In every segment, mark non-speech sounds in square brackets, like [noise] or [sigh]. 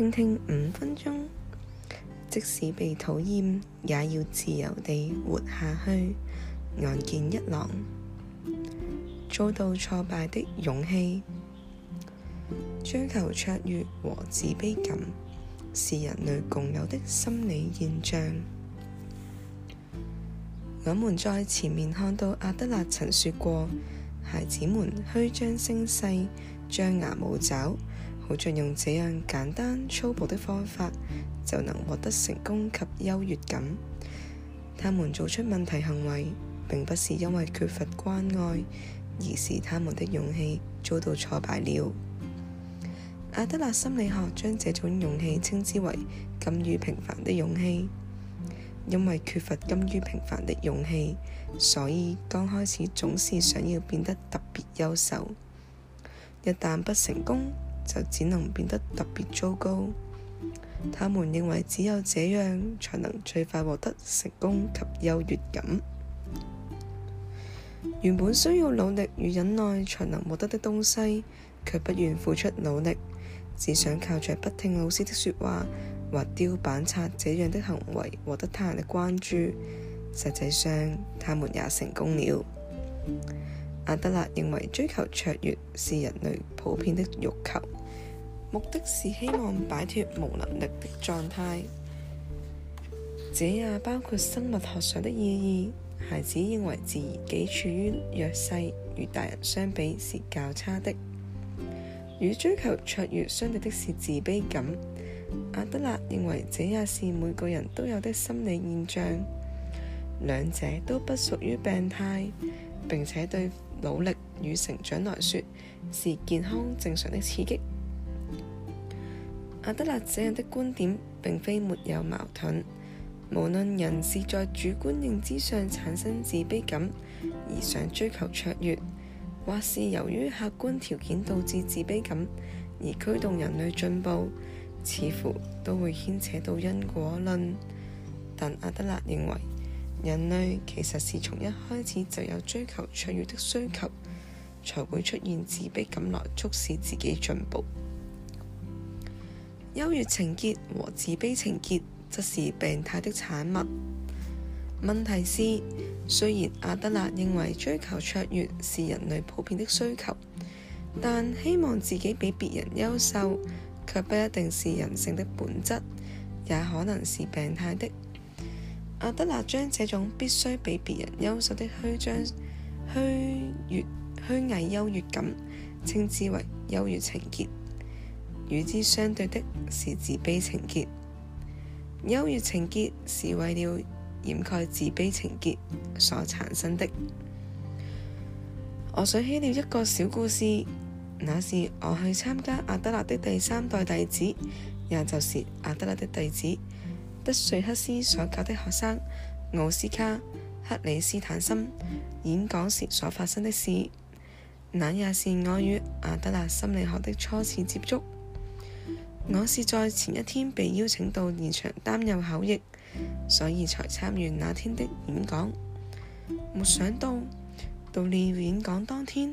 聽聽五分鐘，即使被討厭，也要自由地活下去。岸見一郎，遭到挫敗的勇氣，追求卓越和自卑感，是人類共有的心理現象。我們在前面看到阿德勒曾說過，孩子們虛張聲勢，張牙舞爪。好像用這樣簡單粗暴的方法就能獲得成功及優越感。他們做出問題行為，並不是因為缺乏關愛，而是他們的勇氣遭到挫敗了。阿德勒心理學將這種勇氣稱之為甘於平凡的勇氣。因為缺乏甘於平凡的勇氣，所以剛開始總是想要變得特別優秀，一旦不成功，就只能變得特別糟糕。他們認為只有這樣，才能最快獲得成功及優越感。原本需要努力與忍耐才能獲得的東西，卻不願付出努力，只想靠着不聽老師的說話或丟板擦這樣的行為獲得他人的關注。實際上，他們也成功了。阿德勒認為追求卓越是人類普遍的欲求。目的是希望擺脫無能力的狀態，這也包括生物學上的意義。孩子認為自己處於弱勢，與大人相比是較差的。與追求卓越相對的是自卑感。阿德勒認為這也是每個人都有的心理現象，兩者都不屬於病態，並且對努力與成長來說是健康正常的刺激。阿德勒這樣的觀點並非沒有矛盾。無論人是在主觀認知上產生自卑感而想追求卓越，或是由於客觀條件導致自卑感而驅動人類進步，似乎都會牽扯到因果論。但阿德勒認為人類其實是從一開始就有追求卓越的需求，才會出現自卑感來促使自己進步。優越情結和自卑情結則是病態的產物。問題是，雖然阿德勒認為追求卓越是人類普遍的需求，但希望自己比別人優秀卻不一定是人性的本質，也可能是病態的。阿德勒將這種必須比別人優秀的虛張、虛越、虛偽優越感，稱之為優越情結。與之相對的是自卑情結，優越情結是為了掩蓋自卑情結所產生的。我想起了一個小故事，那是我去參加阿德勒的第三代弟子，也就是阿德勒的弟子德瑞克斯所教的學生奧斯卡克里斯坦森演講時所發生的事。那也是我與阿德勒心理學的初次接觸。我是在前一天被邀請到現場擔任口譯，所以才參與那天的演講。沒想到到了演講當天，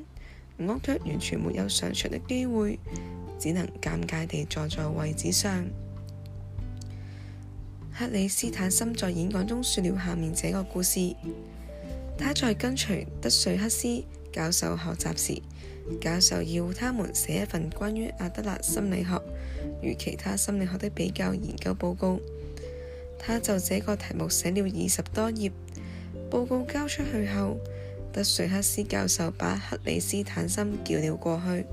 我卻完全沒有上場的機會，只能尷尬地坐在位置上。克里斯坦森在演講中說了下面這個故事：他在跟隨德瑞克斯。教授學習時，教授要他們寫一份關於阿德勒心理學與其他心理學的比較研究報告。他就這個題目寫了二十多頁，報告交出去後，德瑞克斯教授把克里斯坦森叫了過去：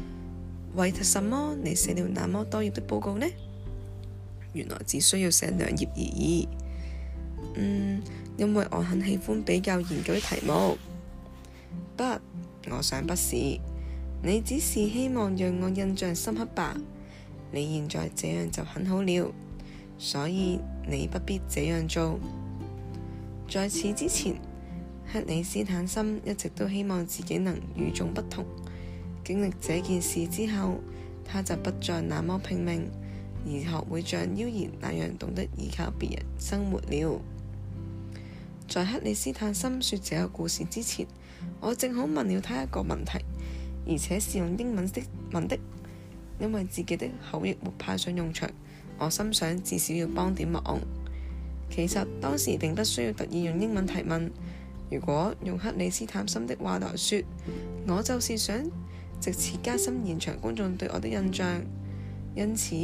「為什麼你寫了那麼多頁的報告呢？原來只需要寫兩頁而已。嗯，因為我很喜歡比較研究的題目。不，But, 我想不是。你只是希望讓我印象深刻吧？你現在這樣就很好了，所以你不必這樣做。在此之前，克里斯坦森一直都希望自己能與眾不同。經歷這件事之後，他就不再那麼拼命，而學會像妖兒那樣懂得依靠別人生活了。在克里斯坦森說這個故事之前，我正好問了他一個問題，而且是用英文的問的，因為自己的口譯沒派上用場，我心想至少要幫點忙。其實當時並不需要特意用英文提問，如果用克里斯坦森的話來說，我就是想借此加深現場觀眾對我的印象，因此。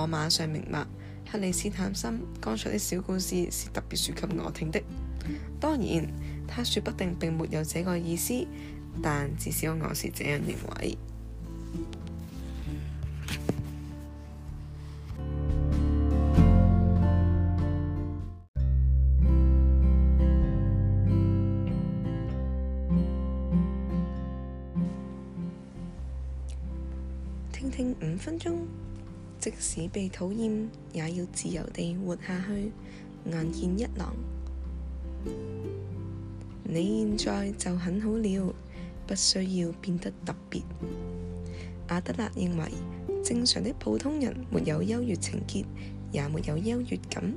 我馬上明白，克里斯坦森剛才的小故事是特別說給我聽的。當然，他說不定並沒有這個意思，但至少我是這樣認為。 [music] 聽聽五分鐘。即使被討厭，也要自由地活下去。眼見一郎，你現在就很好了，不需要變得特別。阿德勒認為，正常的普通人沒有優越情結，也沒有優越感，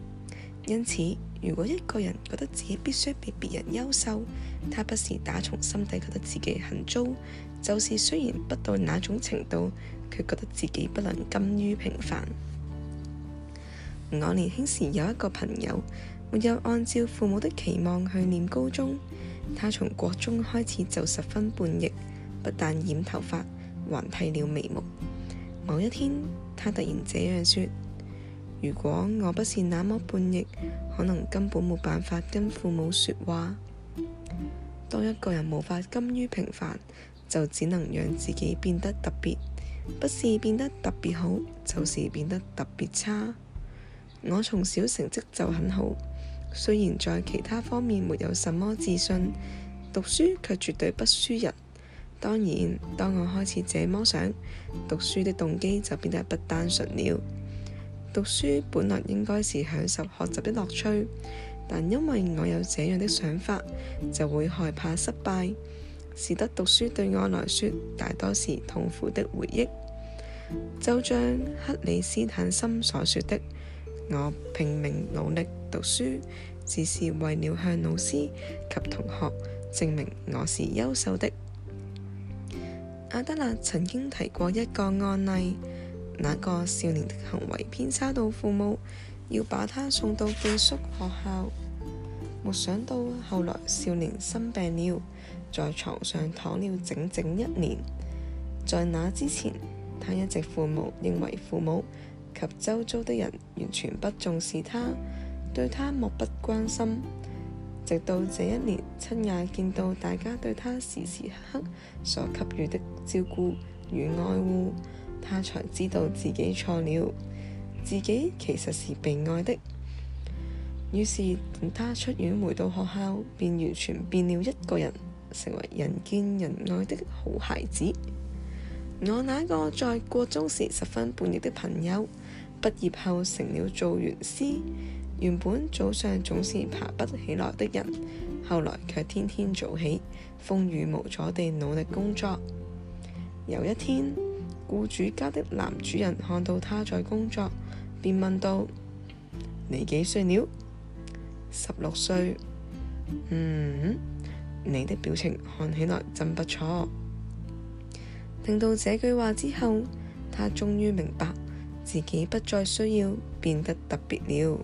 因此，如果一個人覺得自己必須比別人優秀，他不是打從心底覺得自己很糟，就是雖然不到那種程度，卻覺得自己不能甘於平凡。我年輕時有一個朋友，沒有按照父母的期望去念高中，他從國中開始就十分叛逆，不但染頭髮，還剃了眉毛。某一天，他突然這樣說。如果我不是那麼叛逆，可能根本沒辦法跟父母說話。當一個人無法甘於平凡，就只能讓自己變得特別，不是變得特別好，就是變得特別差。我從小成績就很好，雖然在其他方面沒有什麼自信，讀書卻絕對不輸人。當然，當我開始這麼想，讀書的動機就變得不單純了。讀書本來應該是享受學習的樂趣，但因為我有這樣的想法，就會害怕失敗，使得讀書對我來說大多是痛苦的回憶。就像克里斯坦森所說的，我拼命努力讀書，只是為了向老師及同學證明我是優秀的。阿德勒曾經提過一個案例。那個少年的行為偏差到父母要把他送到寄宿學校，沒想到後來少年生病了，在床上躺了整整一年。在那之前，他一直父母認為父母及周遭的人完全不重視他，對他漠不關心。直到這一年親眼見到大家對他時時刻刻所給予的照顧與愛護。他才知道自己錯了，自己其實是被愛的。於是，他出院回到學校，便完全變了一個人，成為人見人愛的好孩子。我那個在國中時十分叛逆的朋友，畢業後成了做園師。原本早上總是爬不起來的人，後來卻天天早起，風雨無阻地努力工作。有一天，僱主家的男主人看到他在工作，便問道：你幾歲了？十六歲。嗯，你的表情看起來真不錯。聽到這句話之後，他終於明白自己不再需要變得特別了。